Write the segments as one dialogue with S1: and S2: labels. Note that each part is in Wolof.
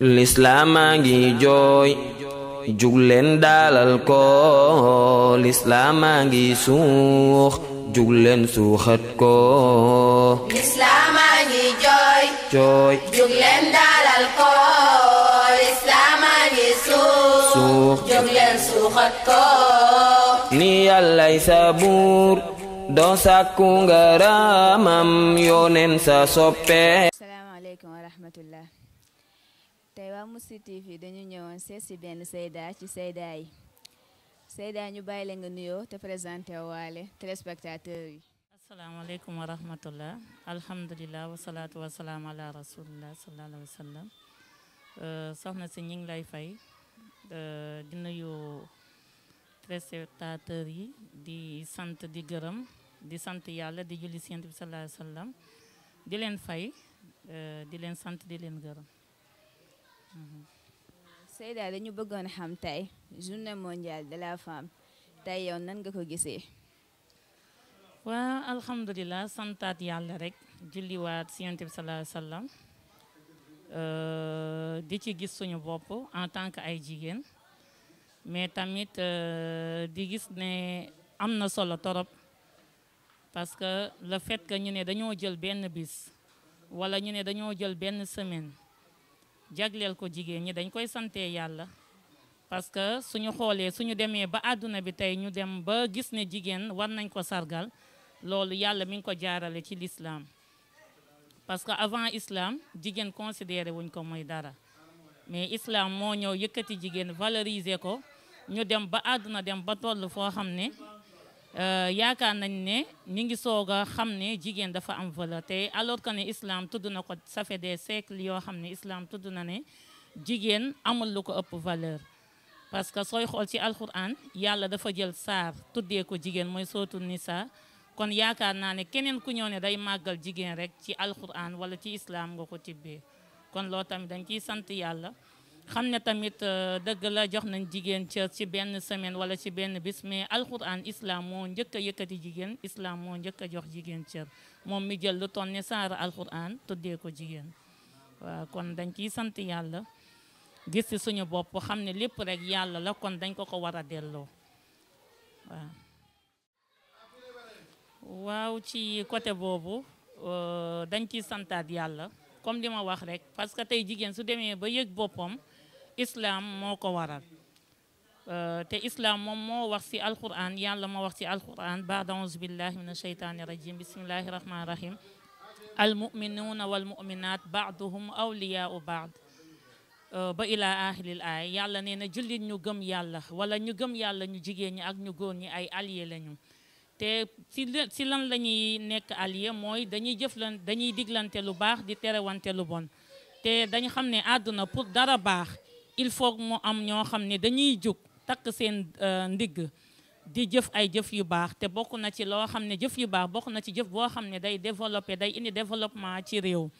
S1: lislaamaa ngi jooy jugleen daalal ko lislaamaa ngi suux jugleen suuxat ko lislaamaa ngi ni yàllay sabuur doo sàkku ngaramam yooneen sa soppe waa Mousty TV dañu ñëwoon seet si benn seydaa ci Seyda yi Seyda ñu bàyyi la nga nuyoo te présenté waale téléspectateurs yi
S2: asalaamaaleykum wa rahmatullah alhamdulilah wasalaatu wasalaam ala rasulillah sallallahu alayhi wa sallam euh, soxna si ñu ngi lay fay euh, di nuyu téléspectateurs yi di sant di gërëm di sant yàlla di julli si yonent bi sallallahu di leen fay euh, di leen sant di leen gërëm
S1: Seyda dañu bëggoon xam
S2: tey journée
S1: mondiale de la femme yow nan nga ko gisee.
S2: waa alhamdulilah santaat yàlla rek julliwaat si yonent bi sallallahu euh, di ci gis suñu bopp en tant que ay jigéen mais tamit euh, di gis ne am na solo torop parce que le fait que ñu ne dañoo jël benn bis wala ñu ne dañoo jël benn semaine. jagleel ko jigéen ñi dañ koy sante yàlla parce que suñu xoolee suñu demee ba àdduna bi tey ñu dem ba gis ne jigéen war nañ ko sargal loolu yàlla mi ngi ko jaarale ci lislaam parce que avant islaam jigéen considéré wuñ ko mooy dara mais islam moo ñëw yëkkati jigéen valoriser ko ñu dem ba àdduna dem ba toll foo xam ne Euh, yaakaar nañ ne ñu ngi soog a xam ne jigéen dafa am valeur te alors que ne islam tudd na ko ça fait des siècles yoo xam ne islam tudd na ne jigéen amal lu ko ëpp valeur parce que sooy xool ci alquran yàlla dafa jël saar tuddee ko jigéen mooy sootu nisa kon yaakaar naa ne keneen ku ñëw ne day màggal jigéen rek ci alquran wala ci islam nga ko tibbee kon loo tamit dañ ciy sant yàlla xam ne tamit euh, dëgg la jox nañ jigéen ca ci benn semaine wala ci benn bis mais alquran islam moo njëkk a jigéen islaam moo njëkk a jox jigéen cër moom mi jël lu toll ne saara alquran tuddee ko jigéen waaw kon dañ ciy sant yàlla gis ci suñu bopp xam ne lépp rek yàlla la kon dañ ko ko war a delloo ci côté boobu euh, dañ ciy santaat yàlla comme li ma wax rek parce tey jigéen su demee ba yëg boppam islaam moo ko waral euh, te islaam moom moo wax ci alquran yàlla moo wax si alquran baad auzu billahi min asheytaani rajim bismillahi rahmani rahim almuminuuna walmuminat baaduhum awliyaau baad euh, ba ilaa axiril aay yàlla nee na jullit ñu gëm yàlla wala ñu gëm yàlla ñu jigéen ñi ak ñu góor ñi ay allié lañu te si lan la ñuy nekk allié mooy dañuy jëflan dañuy diglante lu baax di terewante lu bon te dañu xam ne àdduna pour dara baax il faut mu am ñoo xam ne dañuy jóg takk seen euh, ndigg di jëf ay jëf yu baax te bokk na ci loo xam ne jëf yu baax bokk na ci jëf boo xam ne day développé day indi développement ci réew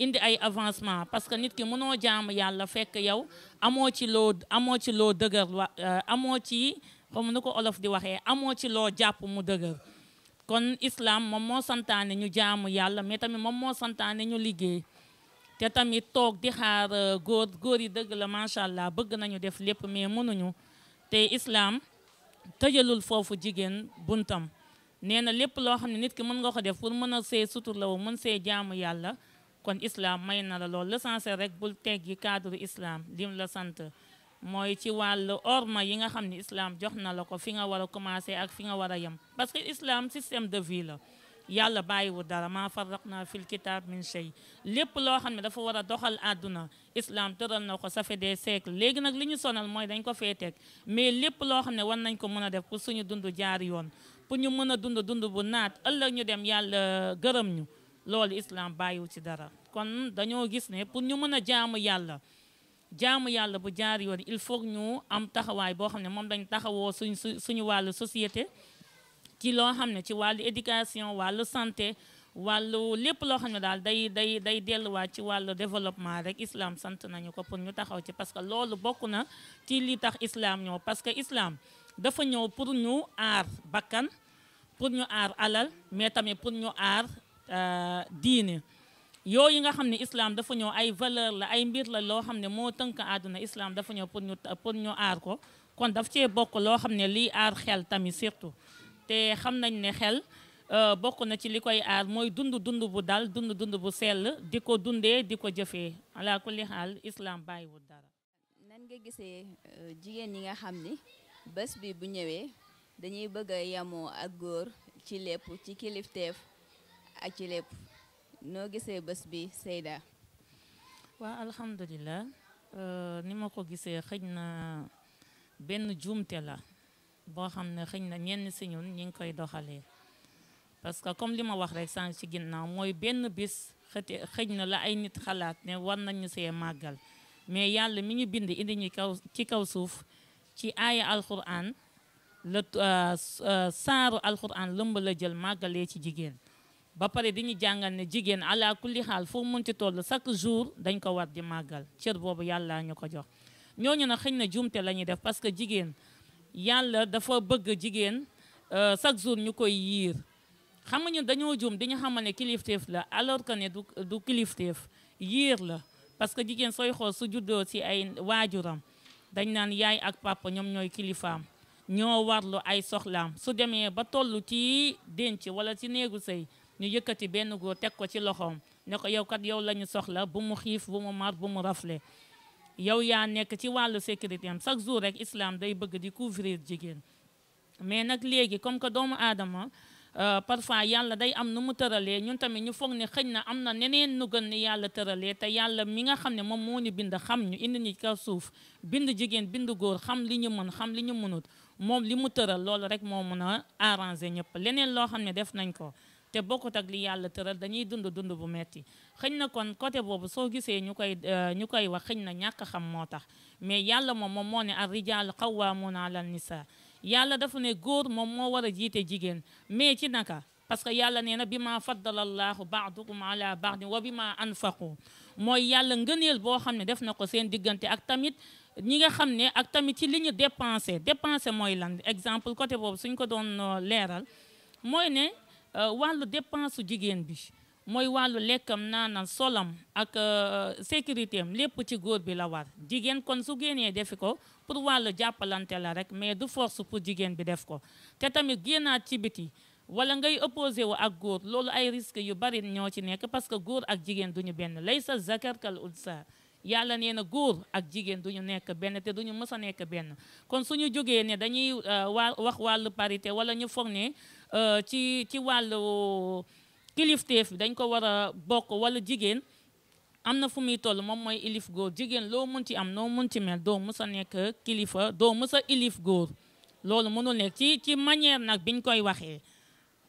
S2: indi ay avancement parce que nit ki mënoo jaamu yàlla fekk yow amoo ci loo amoo ci loo dëgër wa euh, amoo ci comme nu ko olof di waxee amoo ci loo jàpp mu dëgër kon islam moom moo santaane ñu jaamu yàlla mais tamit moom moo santaane ñu liggéey te tamit toog di xaar euh, góor góor yi dëgg la macha allah bëgg nañu def lépp mais mënuñu te islaam tëjalul foofu jigéen buntam nee na lépp loo xam ne nit ki mën nga ko def pour mën a see sutur la wu mën see jaamu yàlla kon islaam may na la loolu l'essentiel rek bul teggi cadre islaam lim la sant mooy ci wàll orma yi nga xam ni islaam jox na la ko fi nga war a commencer ak fi nga war a yem parce que islaam système de vie yàlla bàyyiwu dara maa farraqna fil kitab min sey lépp loo xam ne dafa war a doxal àdduna islam tëral na ko ça fait des léegi nag li ñu sonal mooy dañ ko fee teg mais lépp loo xam ne war nañ ko mën a def pour suñu dund jaar yoon pour ñu mën a dund dund bu naat ëllëg ñu dem yàlla gërëm ñu loolu islam bàyyiwu ci dara kon dañoo gis ne pour ñu mën a jaamu yàlla jaamu yàlla bu jaar yoon il foog ñu am taxawaay boo xam ne moom dañ taxawoo suñ suñu wàllu société ci loo xam ne ci wàllu éducation wàllu santé wàllu lépp loo xam ne daal day day day delluwaat ci wàllu développement rek islam sant nañu ko pour ñu taxaw ci parce que loolu bokk na ci lii tax islam ñëw parce que islam dafa ñëw pour ñu aar bakkan pour ñu aar alal mais tamit pour ñu aar euh, diine yooyu nga xam ne islam dafa ñëw ay valeur la ay mbir la loo xam ne moo tënk àdduna islam dafa ñëw pour ñu pour ñu aar ko kon daf cee bokk loo xam ne lii aar xel tamit surtout te xam nañ ne xel euh, bokk na ci li koy aar mooy dund dund bu dal dund dund bu sell di ko dundee di ko jëfee ala kulli xaal islam bàyyiwul dara.
S1: nan nga gisee euh, jigéen ñi nga xam ni bés bi bu ñëwee dañuy bëgg a yamoo ak góor ci lépp ci kilifteef ak ci lépp noo gisee bés bi Seyda.
S2: waa alhamdulilah euh, ni ma ko gisee xëj na benn juumte la. boo xam ne xëñ na ñenn si ñun ñu ngi koy doxalee parce que comme li ma wax rek sànq ci ginnaaw mooy benn bis xëte xëñ na la ay nit xalaat ne war nañu see màggal mais yàlla mi ñu bind indi ñu kaw ci kaw suuf ci aaya alquran la euh, euh, saaru alquran lëmb la jël màggalee ci jigéen ba pare di ñu jàngal ne jigéen ala kulli xaal foo ci toll chaque jour dañ ko war di màggal cër boobu yàlla ñu ko jox ñooñu na xëñ na juumte la ñuy def parce que jigéen yàlla dafa bëgg jigéen euh, chaque jour ñu koy yiir xam nga ñun dañoo jum di ñu xamal ne kilifteef la alors que ne du du kilifteef yiir la parce que jigéen sooy xool su juddoo si ay waajuram dañ naan yaay ak papa ñoom ñooy kilifaam ñoo warlu ay soxlaam su demee ba toll ci denc wala ci néegu sëy ñu yëkkati benn góor teg ko ci loxoom ne ko yow kat yow la soxla bu mu xiif bu mu mar bu mu rafle yow yaa nekk ci wàllu sécurité chaque jour rek islam day bëgg di couvrir jigéen mais nag léegi comme que doomu aadama euh, parfois yàlla day am nu mu tëralee ñun tamit ñu foog ne xëñ na am na neneen nu gën ni yàlla tëralee te yàlla mi nga xam ne moom moo ñu bind xam ñu indi ñu kaw suuf bind jigéen bind góor xam li ñu mën xam li ñu mënut moom li mu tëral loolu rek moo mën a arranger ñëpp leneen loo xam ne def nañ ko te bokkut ak li yàlla tëral dañuy dund dundu bu metti xëñ na kon côté boobu soo gisee ñu koy euh, ñu koy wax xëñ na ñàkk xam moo tax mais yàlla moom moom moo ne ar rijal qawwamuna lan nisa yàlla dafa ne góor moom moo war a jiite jigéen mais ci naka parce que yàlla nee na bi ma faddala allahu baadukum ala baadin wa bi ma anfaqu mooy yàlla ngëneel boo xam ne def na ko seen diggante ak tamit ñi nga xam ne ak tamit ci li ñu dépensé dépensé mooy lan exemple côté boobu suñ ko doon euh, leeral Euh, wàllu dépense jigéen bi mooy wàllu lekkam naanam solam ak euh, sécurité am lépp ci góor bi la war jigéen kon su génnee defi ko pour wàllu jàppalante la rek mais du force pour jigéen bi def ko te tamit génnaat ci biti wala ngay opposé wu ak góor loolu ay risques yu bari ñoo ci nekk parce que góor ak jigéen duñu benn laysa zakar kal unsa yàlla nee na góor ak jigéen duñu nekk benn te duñu mës a nekk benn kon suñu jógee ne dañuy euh, waa wax wàllu parité wala ñu foog ne euh, ci ci wàllu kilifteef dañ ko war a bokk wala jigéen am na fu muy toll moom mooy ilif góor jigéen loo mun ci am noo mun ci mel doo mës a nekk kilifa doo mës a ilif góor loolu mënul nekk ci ci manière nag biñ koy waxee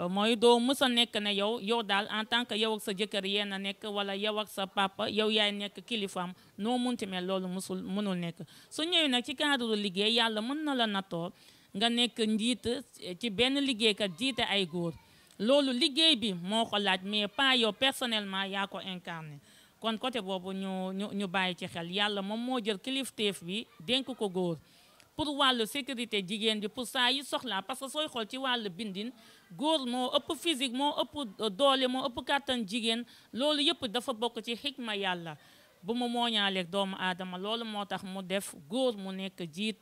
S2: Euh, mooy doo mës nekk ne yow yow daal en tant que yow sa jëkkër yéen a nekk wala yow ak sa papa yow yaay nekk kilifaam noo munti mel loolu musul mënul nekk su ñëwee nag ci cadre liggéey yàlla mën na la nattoo nga nekk njiit eh, ci benn liggéeykat jiite ay góor loolu liggéey bi moo ko laaj mais pas yow personnellement yaa ko incarné kon côté boobu ñu ñu ñu bàyyi ci xel yàlla moom moo jël kilifteef bi dénk ko góor pour wàllu sécurité jigéen bi pour saa yi soxlaa parce que sooy xool ci wàllu bindin góor moo ëpp physique moo ëpp doole moo ëpp kàttan jigéen loolu yëpp dafa bokk ci xikma yàlla bu mu mooñaaleeg doomu aadama loolu moo tax mu def góor mu nekk jiit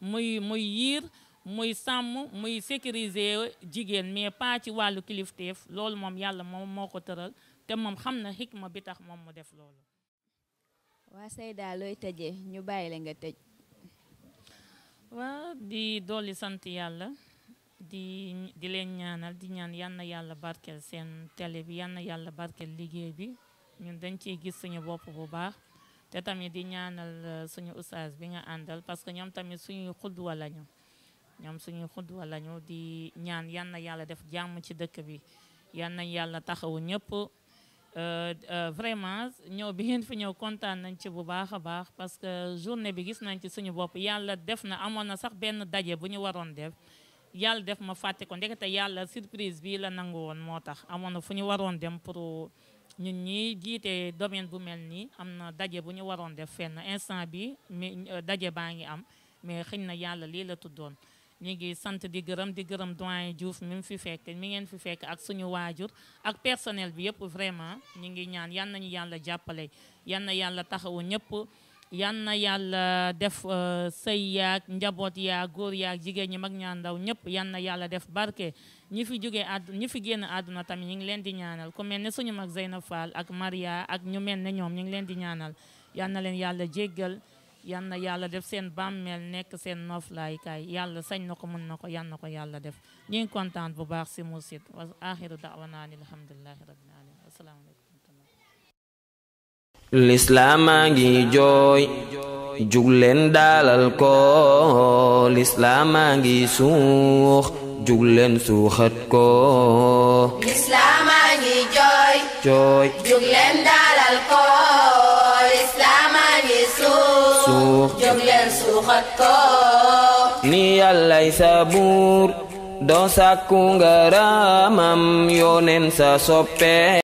S2: muy muy yiir muy sàmm muy sécuriser jigéen mais pas ci wàllu kilifteef loolu moom yàlla moom moo ko tëral te moom xam na xikma bi tax moom mu def loolu
S1: waa Seyda looy tëjee ñu bàyyi la nga tëj
S2: waaw di dolli sant yàlla di di leen ñaanal di ñaan yal na yàlla barkeel seen tele bi yal na yàlla barkeel liggéey bi ñun dañ ciy gis suñu bopp bu baax te tamit di ñaanal euh, suñu ustaas bi nga àndal parce que ñoom tamit suñuy xudd walla ñu ñoom suñuy xudd walla lañu di ñaan yal na yàlla def jàmm ci dëkk bi yal na yàlla taxawu ñëpp Euh, euh, vraiment ñëw bi ngeen fi ñëw kontaan nañ ci bu baax a baax parce que journée bi gis nañ ci suñu bopp yàlla def na amoon na sax benn daje bu ñu waroon def yàlla def ma fàtte ko ndekete yàlla surprise bi la nangu woon moo tax amoon na fu ñu waroon dem pour ñu ñi jiite domaine bu mel nii am na daje bu ñu waroon def fenn instant bi mi euh, daje baa ngi am mais xëñ na yàlla lii la tuddoon ñu ngi sant di gërëm di gërëm doyen Diouf mi fi fekk mi ngeen fi fekk ak suñu waajur ak personnel bi yëpp vraiment ñu ngi ñaan yan nañu yàlla jàppale yan na yàlla taxawu ñëpp yan na yàlla def euh, sëy yak njaboot yaag góor yaag jigéen ñi mag ñaan ndaw ñëpp yan na yàlla def barke ñi fi jógee àdduna ñi fi génn àdduna tamit ñu ngi leen di ñaanal ku mel suñu mag Zeyna Fall ak Maria ak ñu mel ne ñoom ñu ngi leen di ñaanal yan na leen yàlla jéggal yan yàlla def seen bàmmeel nekk seen noflaay yàlla sañ na ko mën na ko yan na ko yàlla def ñu kontaan bu baax si mursid wa axiru
S1: ngi jooy jugleen daalal ko ngi suux jugleen suuxat ko jooy jugleen daalal ko buur jóg leen suuxat ko ni yàllay sa buur doo sàkku nga raamam yooneen sa soppe